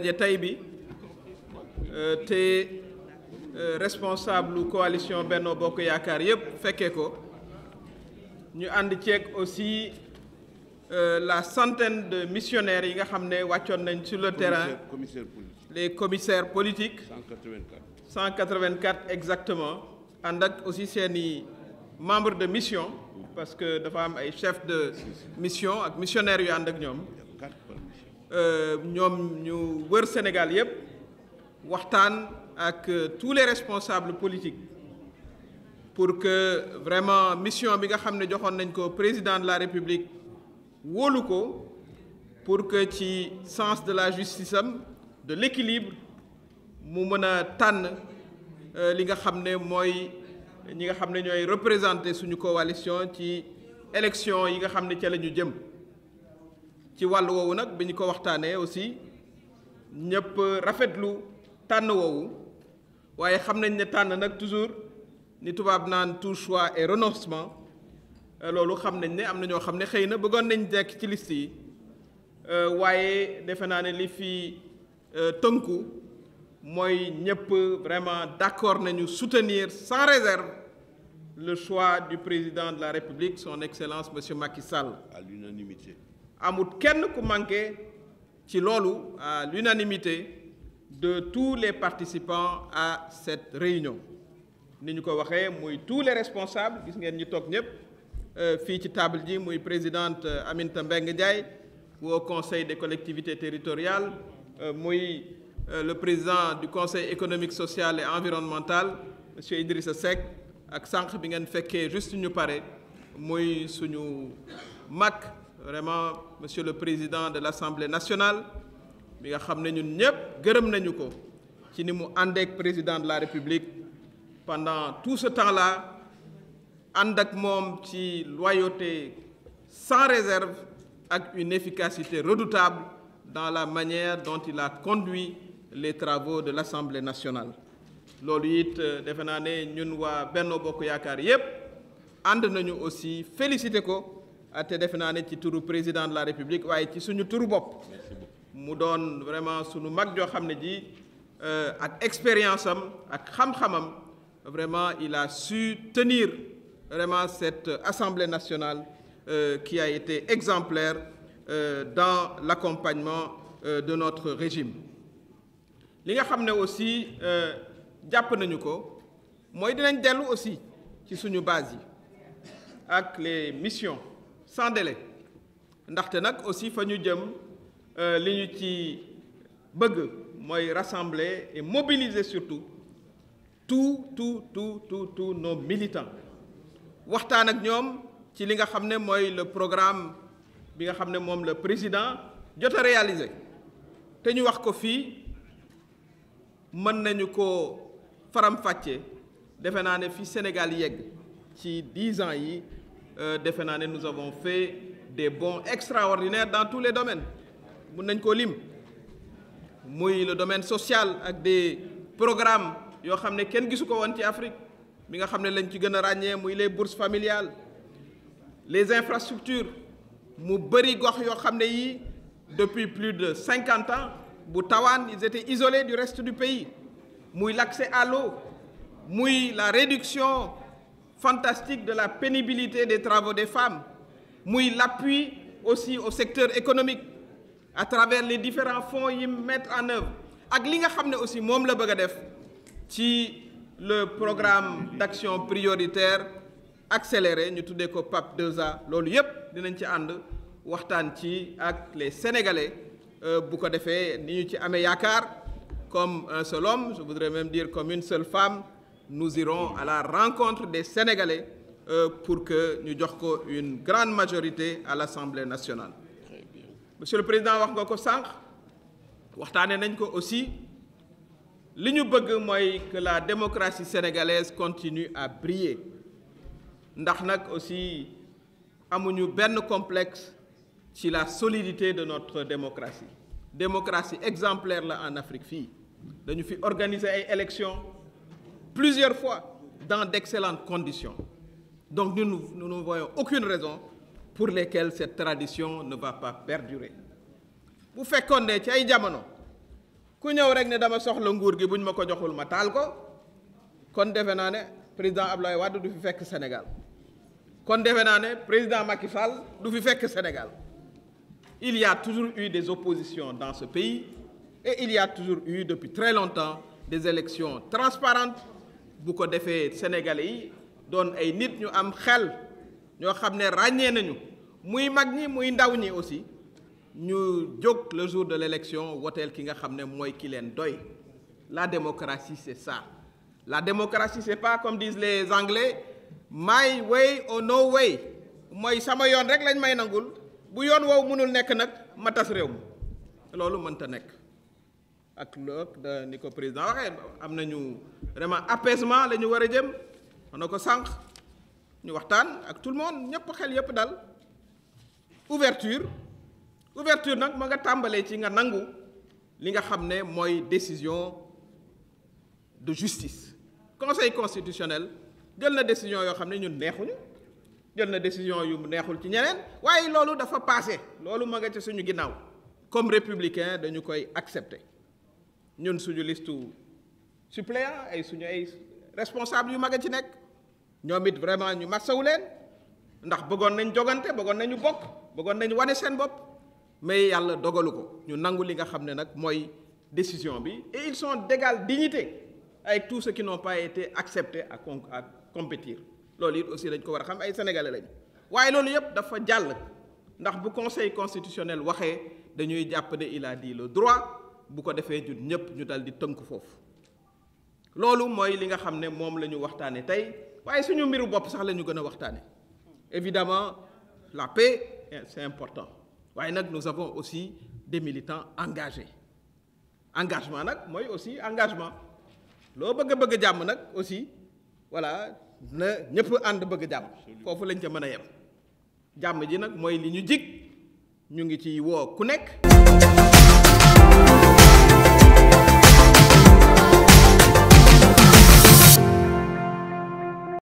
ndaje tey bi euh, te euh, responsable coalition Benno Bokk Yaakaar yëpp fekkee ko ñu ànd ceeg aussi euh, la centaine de missionnaires yi nga xam ne wàccoon nañ sur le terrain les commissaires politiques 184 184 exactement ànd ak aussi seeni membre de mission parce que dafa am ay chef de mission ak missionnaires yu ànd ak ñoom Euh, ñoom ñu wër Sénégal yëpp waxtaan ak euh, tous les responsables politiques pour que vraiment mission bi nga xam ne joxoon nañ ko président de la République wóolu ko pour que ci sens de la justice am de l'équilibre mu mën a tànn euh, li nga xam ne mooy ñi nga xam ne ñooy représenter suñu coalition ci élection yi nga xam ne ca la ñu jëm ci wàll woowu nag bi ñu ko waxtaanee aussi ñëpp rafetlu tànn woowu waaye xam nañ ne tànn nag toujours ni tubaab naan tout choix et renoncement euh, loolu xam nañ ne am na ñoo xam ne xëy na bëggoon nañ nekk ci liste yi euh, waaye defe naa ne li fi euh, tënku mooy ñëpp vraiment d'accord nañu soutenir sans réserve le choix du président de la République son excellence monsieur Macky Sall. à l'unanimité amut kenn ku manqué ci loolu à l'unanimité de tous les participants à cette réunion ni ñu ko waxee muy tous les responsables gis ngeen ñu toog ñëpp euh, fii ci table ji muy présidente euh, Aminata Mbengue jaay bu conseil des collectivités territoriales euh, muy le président du conseil économique social et environnemental monsieur Idrissa Seck ak sànq bi ngeen fekkee juste ñu pare muy suñu mag vraiment monsieur le président de l'Assemblée nationale bi nga xam ne ñun ñëpp gërëm nañu ko ci ni mu àndeek président de la République pendant tout ce temps la ànd ak moom ci loyauté sans réserve ak une efficacité redoutable dans la manière dont il a conduit les travaux de l'Assemblée nationale loolu it euh, defe naa ne ñun waa Benno Bokk Yaakaar yëpp ànd nañu aussi féliciter ko Ah, te defe naa ne ci turu président de la république waaye ci suñu turu bopp mu doon vraiment suñu mag joo xam ne ji euh, ak expérience am ak xam-xamam vraiment il a su tenir vraiment cette assemblée nationale euh, qui a été exemplaire euh, dans l'accompagnement euh, de notre régime li nga xam ne aussi euh, jàpp nañu ko mooy dinañ dellu aussi ci suñu base yi ak les missions sandele ndaxte nag aussi fa ñu jëm euh, li ñu ci bëgg mooy rassembler et mobiliser surtout tout tout tout tout tous nos waxtaan ak ñoom ci li nga xam ne mooy le programme bi nga xam ne moom la président jot a réaliser te ñu wax ko fii mën nañu ko faram-fàccee defe naa ne fi Sénégal yegg ci dix ans yi Euh, defe naa ne nous avons fait des bon extraordinaires dans tous les domaines mun nañ koo lim muy le domaine social ak des programmes yoo xam ne kenn gisu ko woon ci Afrique mi nga xam ne lañ ci gën a ràññee muy les bourses familiales les infrastructures mu bëri gox yoo xam ne yi depuis plus de cinquante ans bu tawaan ils étaient isolés du reste du pays muy l'accès à l'eau muy la réduction fantastique de la pénibilité des travaux des femmes, muy l'appui aussi au secteur économique à travers les différents fonds yi mettre en œuvre ak li nga xam ne aussi moom la bëgg a def ci le programme d'action prioritaire accéléré ñu tuddee ko PAP 2A loolu yépp dinañ ci ànd waxtaan ci ak les Sénégalais euh, bu ko defee ni ñu ci amee yaakaar comme un seul homme je voudrais même dire comme une femme nous irons à la rencontre des Sénégalais euh, pour que ñu jox ko une grande majorité à l'Assemblée nationale. Monsieur le Président wax nga ko sànq waxtaane nañ ko aussi li ñu bëgg mooy que la démocratie sénégalaise continue à briller ndax nag aussi amuñu benn complexe ci la solidité de notre démocratie démocratie exemplaire la en Afrique fii dañu fi organiser ay élections. plusieurs fois dans d'excellentes conditions. Donc nous, nu ne voyons aucune raison pour laquelle cette tradition ne va pas perdurer. bu fekkoon ne ci ay jamono ku ñëw rek ne dama soxla nguur gi bu ñu ma ko joxul ma taal ko kon defe naa ne président Abdoulaye Wade du fi fekk Sénégal kon defe naa ne président Macky Sall du fi fekk Sénégal il ya toujours eu des oppositions dans ce pays et il y toujours eu depuis très longtemps des élections transparentes bu ko defee sénégalais yi doon ay nit ñu am xel ñoo xam ne ràññee nañu muy mag ñi muy ndaw ñi aussi ñu jóg le jour de l'élection woteel ki nga xam ne mooy ki leen doy la démocratie c'est ça la démocratie c'est pas comme disent les anglais my way or no way mooy sama yoon rek lañ may nangul bu yoon woow mënul nekk nag ma tas réew mi loolu mënta nekk ak loog da ni ko président waxee am nañu vraiment apaisement la ñu war a jëm wax na ko sànq ñu waxtaan ak tout le monde ñëpp xel yëpp dal ouverture ouverture nag ma nga tàmbalee ci nga nangu li nga xam ne mooy décision de justice conseil constitutionnel jël na décision yoo xam ne ñun neexuñu jël na décision yu neexul ci ñeneen waaye loolu dafa passé loolu ma nga ci suñu ginnaaw comme républicain dañu koy accepter ñun suñu listu suppléant ay suñu ay responsable yu mag a ci nekk ñoom it vraiment ñu massawu leen ndax bëggoon nañ jogante bëggoon nañu bokk bëggoon nañu wane seen bopp mais yàlla dogalu ko ñu nangu li nga xam ne nag mooy décision bi et ils sont d'égale dignité ay tous ceux qui n'ont pas ak acceptés à con compétir loolu it aussi dañ ko war a xam ay sénégalais lañ waaye loolu yëpp dafa jàll ndax bu conseil constitutionnel waxee dañuy jàpp ne il a dit droit bu ko defee ñun ñëpp ñu dal di tënk foofu loolu mooy li nga xam ne moom la ñu waxtaane tey waaye suñu mbiru bopp sax la ñu gën a waxtaane évidemment la paix c'est important waaye nag nous avons aussi des militants engagés engagement nag mooy aussi engagement loo bëgg a bëgg jàmm nag aussi voilà na ñëpp ànd bëgg jàmm foofu lañ ca mën a yem jàmm ji nag mooy li ñu jig ñu ngi ci woo ku nekk